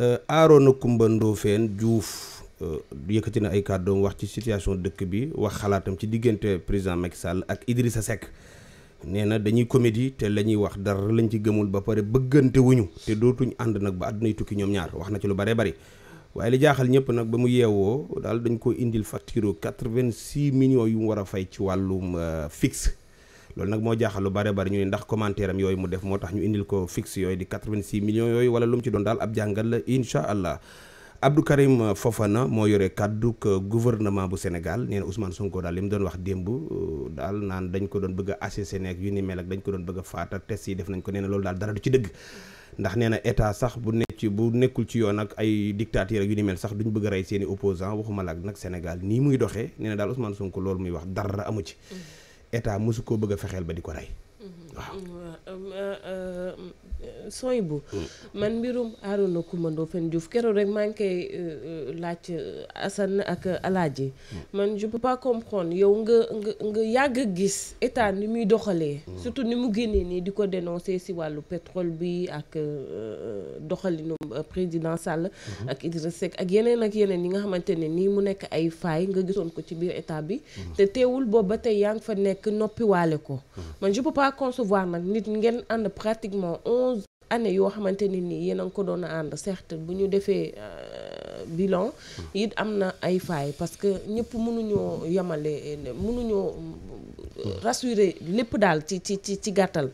Euh, Arona Coumba Ndoffène Diouf euh, yëkkati na ay kàddoom wax ci situation dëkk bi wax xalaatam ci diggante président Macky Sall ak Idrissa Seck nee na dañuy comédie te la ñuy wax dara lañ ci gëmul ba pare bëggante wuñu te dootuñ ànd nag ba àddunay tukki ñoom ñaar wax na ci lu bare bari waaye li jaaxal ñëpp nag ba mu yeewoo daal dañ ko indil facture 86 millions yu mu war a fay ci wàllum euh, fixe loolu nag moo jaaxal lu bare bari ñu ne ndax commentaire yooyu mu def moo tax ñu indil ko fixe yooyu di 86 millions yooyu wala lu mu ci doon daal ab jàngal la incha allah Abdou Karim Fofana moo yore kàddu guvernement bu Sénégal nee na Ousmane Sonko daal li mu doon wax démb euh, daal naan dañ ko doon bëgg a assassiné yu ni mel ak dañ ko doon bëgg a faata test yi def nañ ko nee loolu daal dara du ci dëgg ndax nee na état sax bu ne ci bu nekkul ci yoon ak ay dictature ak yu sax duñ bëgg a rey seen i opposant ak nag Sénégal nii muy doxee nee na daal Ousmane Sonko loolu muy wax dara amu ci. Mm. état mosu koo bëgg a fexeel ba di ko rey mm-hmm. waaw mm-hmm. Euh, euh, euh, sooy bu hmm. man mbirum Arona Coumba Ndoffène Diouf keroog rek maa ngi koy euh, euh, laaj euh, Assane ak Alaaji hmm. man je pas comprendre yow nga nga nga yàgg a gis état ni muy doxalee hmm. surtout ni mu génnee nii di ko dénoncer si wàllu pétrole bi ak doxalinu président Sall ak Idrissa Seck ak yeneen ak yeneen yi nga xamante ne nii mu nekk ay faay nga gisoon ko ci biir état bi te teewul boobu ba tey yaa ngi fa nekk noppiwaale ko man je pas concevoir nag nit ngeen ànd pratiquement onze année yoo xamante ne nii yéen a ngi ko doon ànd certes bu ñu defee euh, bilan hmm. it am na ay failles parce que ñëpp mënuñoo yemale mënuñoo rassuré lépp daal ci ci ci ci gàttal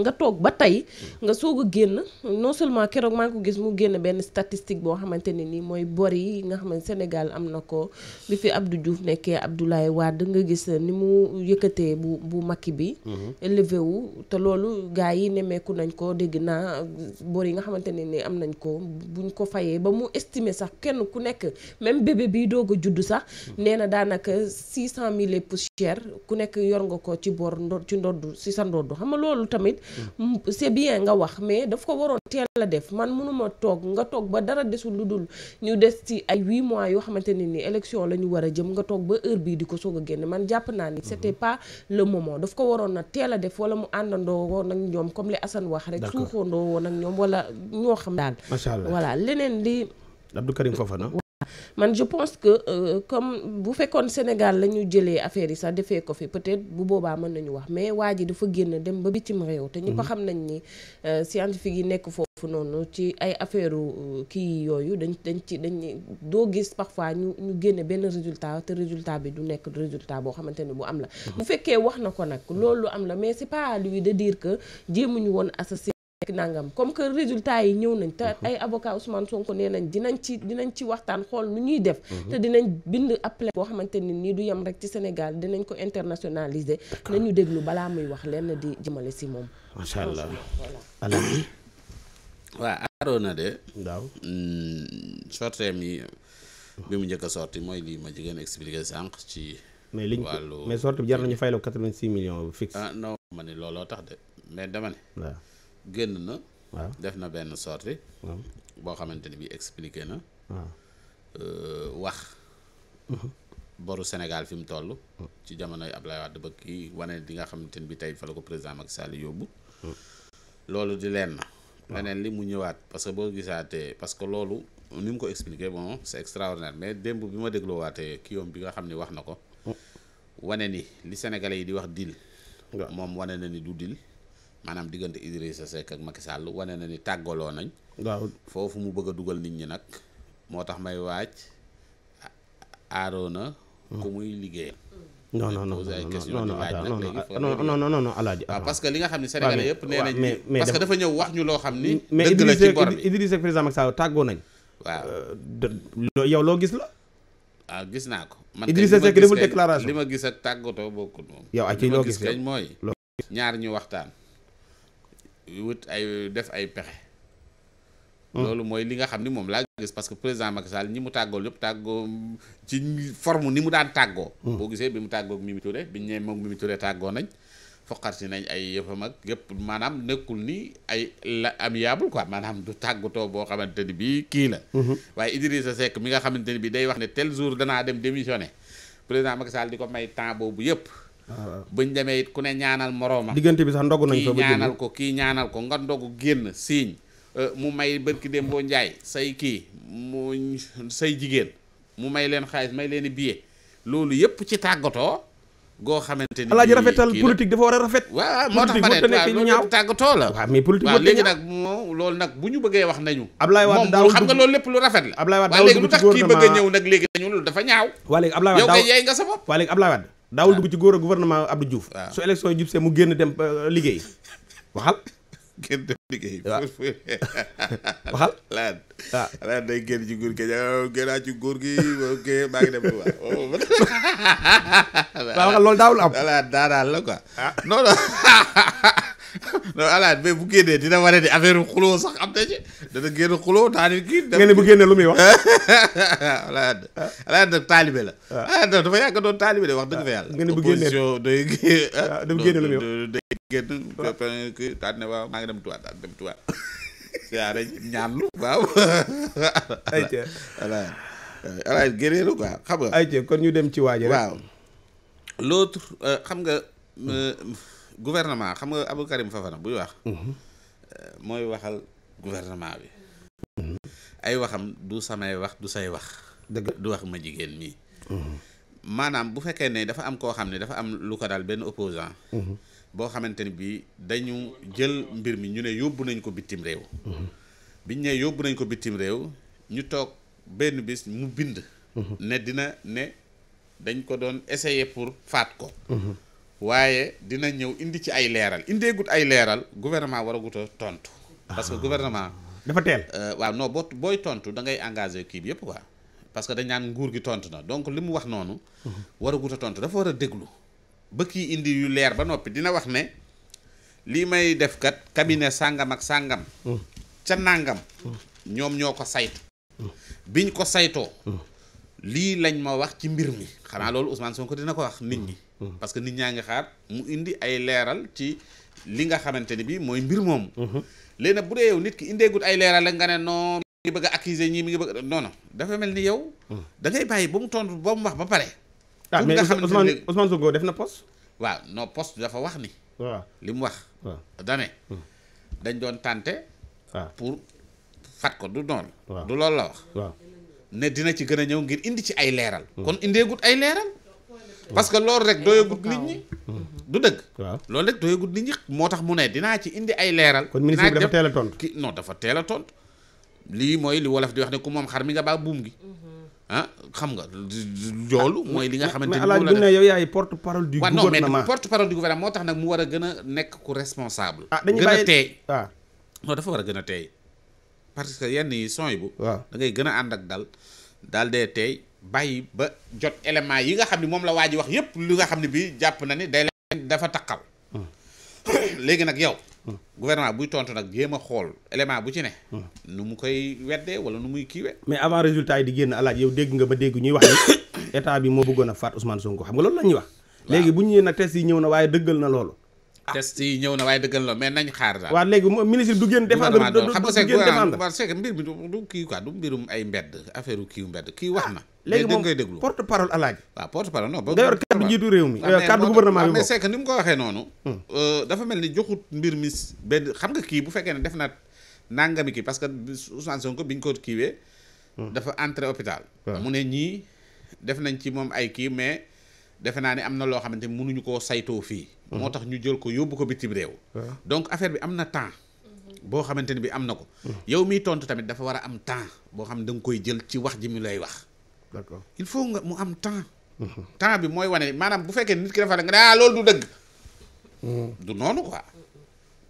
nga toog ba tey nga soog a génn non seulement keroog maa ngi ko gis mu génn benn statistique boo xamante ne nii mooy bor yi nga xam ne Sénégal am na ko bi fi Abdou Diouf nekkee Abdoulaye Wade nga gis ni mu yëkkatee bu bu makki bi mhm. élevé wu te loolu gars yi nemmeeku nañ ko dégg naa bor yi nga xamante ne nii am nañ ko buñ ko fayee ba mu estimer sax kenn ku nekk même bébé bi doog a judd sax mhm. nee na daanaka six cent mille poussière ku nekk yor nga ko ci boor ndo ci ndoddu si sa ndoddu xam nga loolu tamit c'est bien nga wax mais daf ko waroon teel la def man mënuma toog nga toog ba dara desul lu dul ñu des ci ay huit mois yoo xamante ne ni élection la ñu war jëm nga toog ba heure bii di ko soog a génne man jàpp naa ni c'était pas le momo daf ko waroon na teel a def wala mu àndandoo woon ak ñoom comme li Assane wax rek suuxandoo woon ak ñoom wala ñoo xam daal macha allah leneen li Abdou Karim Fofana man je pense que euh, comme bu fekkoon Sénégal la ñu jëlee affaire yi sax defee ko fi peut-être bu boobaa mën nañu wax mais waa ji dafa génn dem ba bitim réew. te ñu ko mhm. xam nañ ni euh, scientifique yi nekk foofu. fu noonu ci ay affaire euh, kii yooyu dañ dañ ci dañ doo gis parfois ñu ñu génne benn résultat te résultat bi du nekk résultat boo xamante ne bu am la mhm. bu fekkee wax na ko nag loolu am la mais c'est pas à lui de dire que jéemuñu woon assassiner nangam comme que résultat yi ñëw nañ te mhm. ay avocat Ousmane Sonko nee nañ dinañ ci dinañ ci waxtaan xool nu ñuy def mhm. te dinañ bind appel boo xamante ni nii du yem rek ci senegal dinañ ko internationaliser nañu déglu balaa muy wax lenn di jëmale si moom macha allah voilà waa Arona de waaw mm, sorteem yi bi mu njëkk a mooy lii ma jigéen expliqué sànq ci mais liñ wàllu mais sorti bi jar nañu fay la 86 millions fixe ah non looloo tax mais dama ne génn na. def na benn sortie boo xamante ni bii expliqué na. Euh, wax. Mhm. boru Sénégal fi mu toll. Mm. ci jamonoy Abdoulaye Wade ba kii wane di nga xamante ni bii tey fa la ko président Macky yóbbu. Mm. loolu di leen na. leneen li mu ñëwaat parce que boo gisaatee parce que loolu ni mu ko expliqué bon c'est extraordinaire mais démb bi ma dégloowaatee kii yoom bi nga xam ni wax na ko. Mm. wane ni li sénégalais yi di wax dil moom wane na ni du dil maanaam diggante Idrissa Seck ak Macky Sall wane na ni tàggaloo nañ. waaw foofu mu bëgg dugal nit ñi nag moo tax may waaj aaroona ku hmm. muy liggéeyal. non non non non non non non alaaji waaw parce que li nga xam ne sénégalais yëpp nee nañ parce que dafa ñëw wax ñu loo xam ni dëgg la ci bor bi mais Idrissa tàggoo nañ waa euh, yow loo gis la waaw ah, gis naa ko man Idrissa Seck deful déclaration li ma gis ak tàggatoo bokkul moom yow ak ci loo gis kañ mooy ñaar ñu waxtaan wut ay def ay pexe. Hmm. loolu mooy li nga xam ni moom laa gis parce que président Macky Sall ñi mu tàggoo lépp tàggoo ci forme ni mu daan tàggoo. Hmm. boo gisee bi mu tàggook ak Mimi Touré biñ ne moom Mimi Touré tàggoo nañ. foqar si nañ ay yëfam ak yëpp maanaam nekkul ni ay la am amiable quoi maanaam du tàggatoo boo xamante ni bii kii la. Hmm. waaye Idrissa Seck mi nga xamante ni bii day wax ne tel jour danaa dem démissionner président Macky di ko may temps boobu yëpp. buñ demee it ku ne ñaanal moroomam diggante bi sax ndogu nañ fa ñaanal ko ki ñaanal ko nga ndogu génn siiñ euh, mu may bërki dem boo njaay say kii mu say jigéen mu may leen xaalis may leen i billet loolu yëpp ci tàggatoo goo xamante ni alaaji rafetal politique dafa war a moo tax ma ne la waaw mais politique waaw léegi nag moom loolu nag bu ñu bëggee wax nañu Ablaye Wade moom xam nga loolu lépp lu rafet la Ablaye Wade waaw tax kii bëgg a ñëw nag léegi dañu loolu dafa ñaaw waa léegi Ablaye Wade yow kay nga sa bopp waa léegi Ablaye Wade daawul ah. dugg ci góor a gouvernement Abdou Diouf ah. su élection yi mu génn dem euh, liggéey waxal génn dem waxal ah. day génn ci góor gi génnaa ci góor gi ngi dem Touba oh, waaw waxal loolu daawul am daanaal la quoi non non alaaj mais bu génnee dina war di affaire xuloo sax am na ci dana génn xuloo daal di kii. la. waaw ah. alaaj dafa yàgg doon taalibe de wax dëgg fa yàlla. Ah. nga ne bu génnee opposition day. waaw ah, lu muy wax day ne waaw maa ngi dem tuwaat daal dem tuwaat. yaa rek ñaanlu waaw. génnee lu quoi xam nga. ayca kon ñu dem ci waaje rek waaw. l'autre euh, xam nga. Euh, gouvernement xam nga Abdou Karim Fafana buy wax. Mhm. Euh, mooy waxal gouvernement bi. Mhm. ay waxam du samay wax du say wax. dëgg du wax ma jigéen mii. Mhm. maanaam bu fekkee ne dafa am koo xam ne dafa am lu ko daal benn opposant boo xamante ni bii dañu jël mbir mi ñu ne yóbbu nañ ko bitim réew. biñ ne yóbbu nañ ko bitim réew ñu toog benn bis mu bind. ne dina ne dañ ko doon essayer pour faat ko. waaye dina ñëw indi ci ay leeral indeegut ay leeral gouvernement war a gut a tontu. parce que ah. gouvernement. dafa teel euh, waaw non boo booy tontu da ngay engagé kii bi yëpp waa parce que dañ naan nguur gi tontu na donc li mu wax noonu. Mhm. war a gut a tontu dafa war a déglu. ba kii indi yu leer ba noppi dina wax ne lii may def kat cabinet sàngam ak sàngam. Mm. ca nàngam. Mm. ñoom ñoo ko saytu. Mm. biñ ko saytoo. lii lañ ma wax ci mbir mi xanaa mm. loolu Ousmane ko dina ko wax nit ñi mm. Mm. parce que nit ñaa ngi xaar mu indi ay leeral ci li nga xamante ni bi mooy mbir moomu mm-hmm. léegi bu dee yow nit ki indeegut ay leeral la nga ne non mi bëgg a accuser ñii mi ngi bëgg non non mel ni yow da bàyyi ba mu tontu ba mu wax ba pare ah mais Ousmane Ousmane Sonko def na poste waaw non poste dafa wax ni waaw wax dane dañ doon tànte ah. pour fat ko du noonu du loolu la wax ne dina ci gën a ñëw ngir indi ci ay leeral hmm. kon indeegut ay leeral hmm. parce que loolu rek doyagut nit ñi hmm. du dëgg loolu rek doyagut nit ñi moo tax mu ne dinaa ci indi ay leeral kon ministre bi dafa teel a tontu ki non dafa teel a tontu lii mooy li wolof di wax ne ku moom xar mi nga baa buum gi ah xam nga loolu ah, mooy li nga xamante ni moom la def yow yaay porte parole du gouvernement mais porte parole du gouvernement moo tax nag mu war a gën a nekk ku responsable ah dañuy bàyyi gën a teey waaw ah. non dafa war a gën a teey parce que yenn yi son bu waaw da ngay gën a ànd ak dal daal dee tey bàyyi ba jot élément yi nga xam ne moom la waa ji wax yépp li nga xam ne bii jàpp na ni day leen dafa taqal hmm. léegi nag yow hmm. gouvernement buy tontu nag jéem a xool élément bu ci ne hmm. nu mu koy weddee wala nu muy kiiwee mais avant résultat yi di génn alaaj yow dégg nga ba dégg ñuy wax ni état bi moo bëggoon a faat Ousmane Sonko xam nga loolu la ñuy wax léegi bu ñu nag test yi ñëw na waaye dëggal na loolu test yi ñëw na waaye dëggal la mais nañ xaar daal waa léegi ministre du génn défendre xam nga c'est c'est que mbir mi du kii quoi du mbirum wax ah, na léegi moom koy déglu porte parole alaaji waaw porte parole non d'ailleurs ah, ko waxee hmm. euh, dafa mel ni joxut mbir mi benn xam nga kii bu fekkee ne def na nangami kii parce que Ousmane Sonko bi ñu ko kiiwee hmm. dafa entré hôpital hmm. mu ne ñii def nañ ci moom ay kii mais defe naa ne am na loo xamante mënuñu ko saytoo fii moo tax ñu jël ko yóbbu ko bitim réew donc affaire bi am na temps boo xamante ni bi am na ko yow miy tontu tamit dafa war a am temps boo xam ne da nga koy jël ci wax ji lay wax d'accord il faut nga mu am temps temps bi mooy wane maanaam bu fekkee nit ki dafa nga daa ah loolu du noonu quoi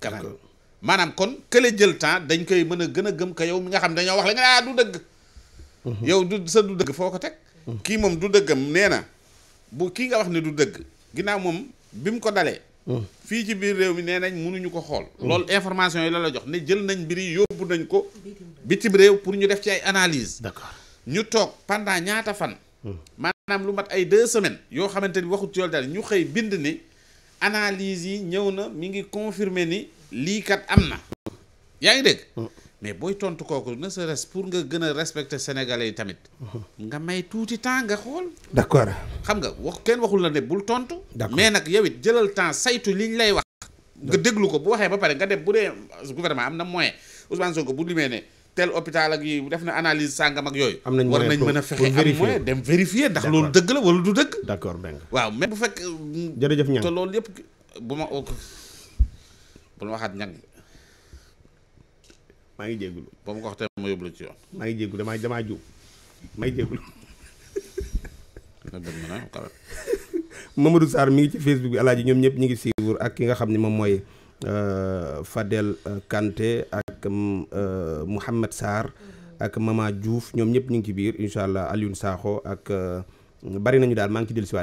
quand maanaam kon kële jël temps dañ koy mën a gën a gëm ko yow mi nga xam ne dañoo wax la nga ah daa dëgg yow du sa du dëgg foo ko teg mhm. kii moom du dëggam nee na bu kii nga wax ne du dëgg ginnaaw moom bi mu ko dalee. Hmm. fii ci biir réew mi nee nañ mënuñu ko xool. loolu information yi la la jox ne jël nañ mbir yi yóbbu nañ ko. bitim réew pour ñu def ci ay analyse d'accord ñu toog pendant ñaata fan. Hmm. maanaam lu mat ay deux semaines. yoo xamante ni waxut ci loolu ñu xëy bind ni analyse yi ñëw na mi ngi confirmer ni liikat am na. Hmm. yaa ngi dégg. mais booy tontu kooku ne serait-ce pour nga gën a respecter sénégalais yi tamit. nga may tuuti temps nga xool. d'accord xam nga wax kenn waxul la ne bul tontu. mais nag yow it jëlal temps saytu liñ lay wax. nga déglu ko bu waxee ba pare nga dem bu dee gouvernement am na moyen Ousmane Sonko bu limee ne tel hôpital ak yi def na analyse sàngam ak yooyu. am nañ war nañ mën a fexe am moyen dem vérifier ndax loolu dëgg la wala du dëgg. d'accord waaw mais bu fekk. jërëjëf ñang te loolu yëpp bu ma bu ma waxaat ñang maa ngi jégalu. ba mu ko wax tey ma yóbbu la ci yoon. maa ngi jégalu damaa damaa juum maa ngi jégalu. Mamadou Sarr mi ngi ci Facebook bi alaaji ñoom ñëpp ñu ngi suivre ak ki nga xam ne moom mooy euh, Fadel euh, Kanté ak euh, Mouhamed saar ak Mama Diouf ñoom ñëpp ñu ngi ci biir incha allah Alioune Sakho ak bari nañu daal maa ngi ci dellusiwaat